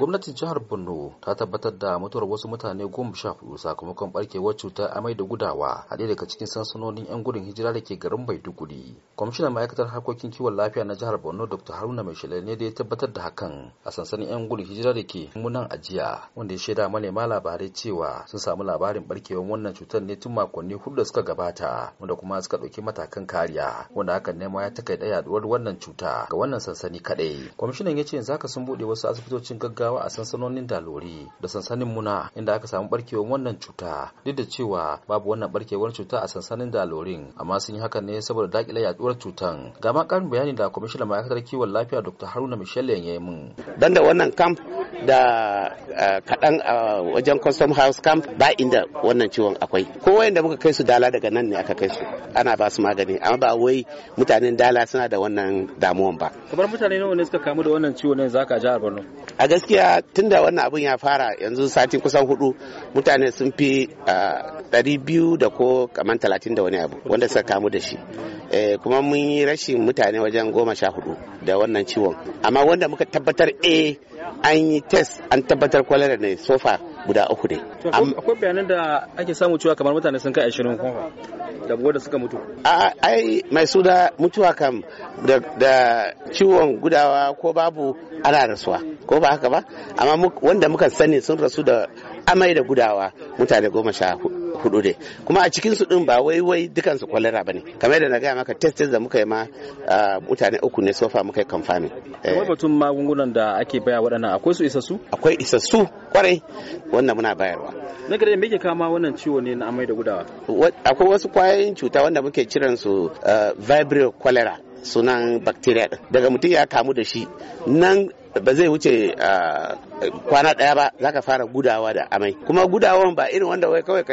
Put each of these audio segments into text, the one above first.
gwamnatin jihar borno ta tabbatar da mutuwar wasu mutane goma sha hudu sakamakon barkewar cutar amai da gudawa a ɗaya daga cikin sansanonin yan gudun hijira da ke garin maiduguri kwamishinan ma'aikatar harkokin kiwon lafiya na jihar borno dr haruna mai ne da ya tabbatar da hakan a sansanin yan gudun hijira da ke munan ajiya wanda ya shaida manema labarai cewa sun samu labarin barkewar wannan cutar ne tun makonni hudu da suka gabata wanda kuma suka ɗauki matakan kariya wanda hakan ne ma ya takaita yaduwar wannan cuta ga wannan sansani kaɗai kwamishinan ya ce yanzu haka sun buɗe wasu asibitocin gaggawa Yahudawa a sansanonin Dalori da sansanin Muna inda aka samu barkewar wannan cuta duk da cewa babu wannan barkewar cuta a sansanin Dalorin amma sun yi hakan ne saboda dakile yaduwar cutan. Ga ma karin bayani da kwamishinan ma'aikatar kiwon lafiya Dr. Haruna Michelle ya yi mun. Dan da wannan camp da eh, kaɗan a eh, wajen custom house camp ba inda wannan ciwon akwai ko da muka kai su dala daga nan ne aka kai su ana ba su magani amma ba wai mutanen dala suna da wannan damuwan ba kamar mutane nawa ne suka kamu da wannan ciwon ne zaka jihar Borno a gaskiya tunda wannan abun ya fara yanzu sati kusan hudu mutane sun fi eh, ɗari biyu da ko kamar talatin da wani abu wanda suka kamu da shi kuma mun yi rashin mutane wajen goma sha hudu da wannan ciwon amma wanda muka tabbatar eh an yi test an tabbatar kwalara ne sofa guda uku ne. Akwai bayanan da ake samu cewa kamar mutane sun kai ashirin kuma da wadda suka mutu. Ai mai suna mutuwa kam da ciwon gudawa ko babu ana rasuwa ko ba haka ba amma wanda muka sani sun rasu da amai da gudawa mutane goma sha hudu. hudu ne kuma a cikin su din ba wai wai dukan su kwalera bane kamar yadda na gaya maka test da muka yi ma mutane uku ne sofa muka yi confirming eh. kuma batun magungunan da ake baya waɗannan akwai su isassu akwai isassu kwarai wannan muna bayarwa na gare me ke kama wannan ciwo ne na amai da gudawa akwai wasu kwayoyin cuta wanda muke kiran su eh, vibrio cholera sunan bacteria daga mutum ya kamu da shi nan ba zai wuce kwana ɗaya ba zaka fara gudawa da amai kuma gudawan ba irin wanda wai kawai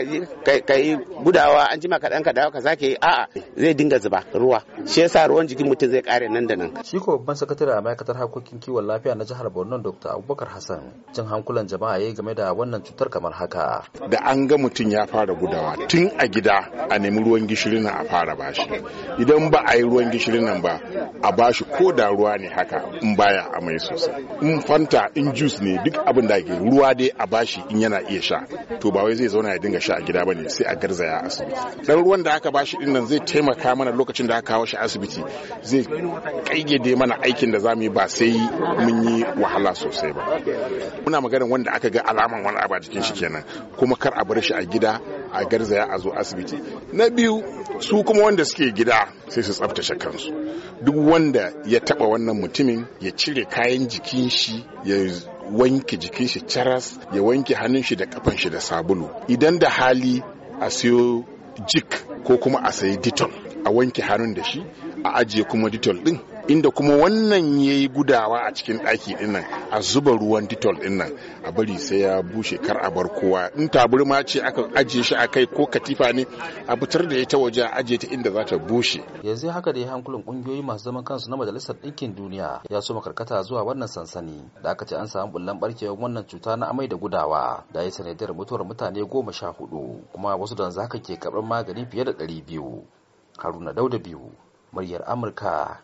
ka yi gudawa an jima kaɗan ka dawo ka sake a'a zai dinga zuba ruwa shi yasa ruwan jikin mutum zai kare nan da nan shi ko babban sakatare a ma'aikatar harkokin kiwon lafiya na jihar Borno Dr. Abubakar Hassan jin hankulan jama'a yayi game da wannan cutar kamar haka da an ga mutum ya fara gudawa tun a gida a nemi ruwan gishiri a fara bashi idan ba a yi ruwan gishiri nan ba a bashi ko da ruwa ne haka in baya amai sosai in fanta in juice ne duk abin da ke ruwa dai a bashi in yana iya sha to ba wai zai zauna ya dinga sha a gida bane sai a garzaya a asibiti dan ruwan da aka bashi din nan zai taimaka mana lokacin da aka kawo shi asibiti zai kayyade mana aikin da zamu yi ba sai mun yi wahala sosai ba muna maganar wanda aka ga alaman wani abu a jikin shi kenan kuma kar a bar shi a gida a garzaya a zo asibiti na biyu su kuma wanda suke gida sai su tsaftace kansu duk wanda ya taba wannan mutumin ya cire kayan jikin shi ya wanke jikin shi caras ya wanke hannun shi da kafan shi da sabulu idan da hali a siyo jik ko kuma a sayi ditol a wanke hannun da shi a ajiye kuma ditol din inda kuma wannan ya yi gudawa a cikin ɗaki dinnan a zuba ruwan titol dinnan a bari sai ya bushe kar a bar kowa in taburma ce aka ajiye shi a kai ko katifa ne a fitar da ita waje a ajiye ta inda za ta bushe yanzu haka da ya hankulin kungiyoyi masu zaman kansu na majalisar ɗinkin duniya ya so makarkata zuwa wannan sansani da aka ce an samu bullan barkewar wannan cuta na amai da gudawa da ya sanadiyar mutuwar mutane goma sha hudu kuma wasu da zaka ke karɓar magani fiye da ɗari biyu haruna dauda biyu muryar amurka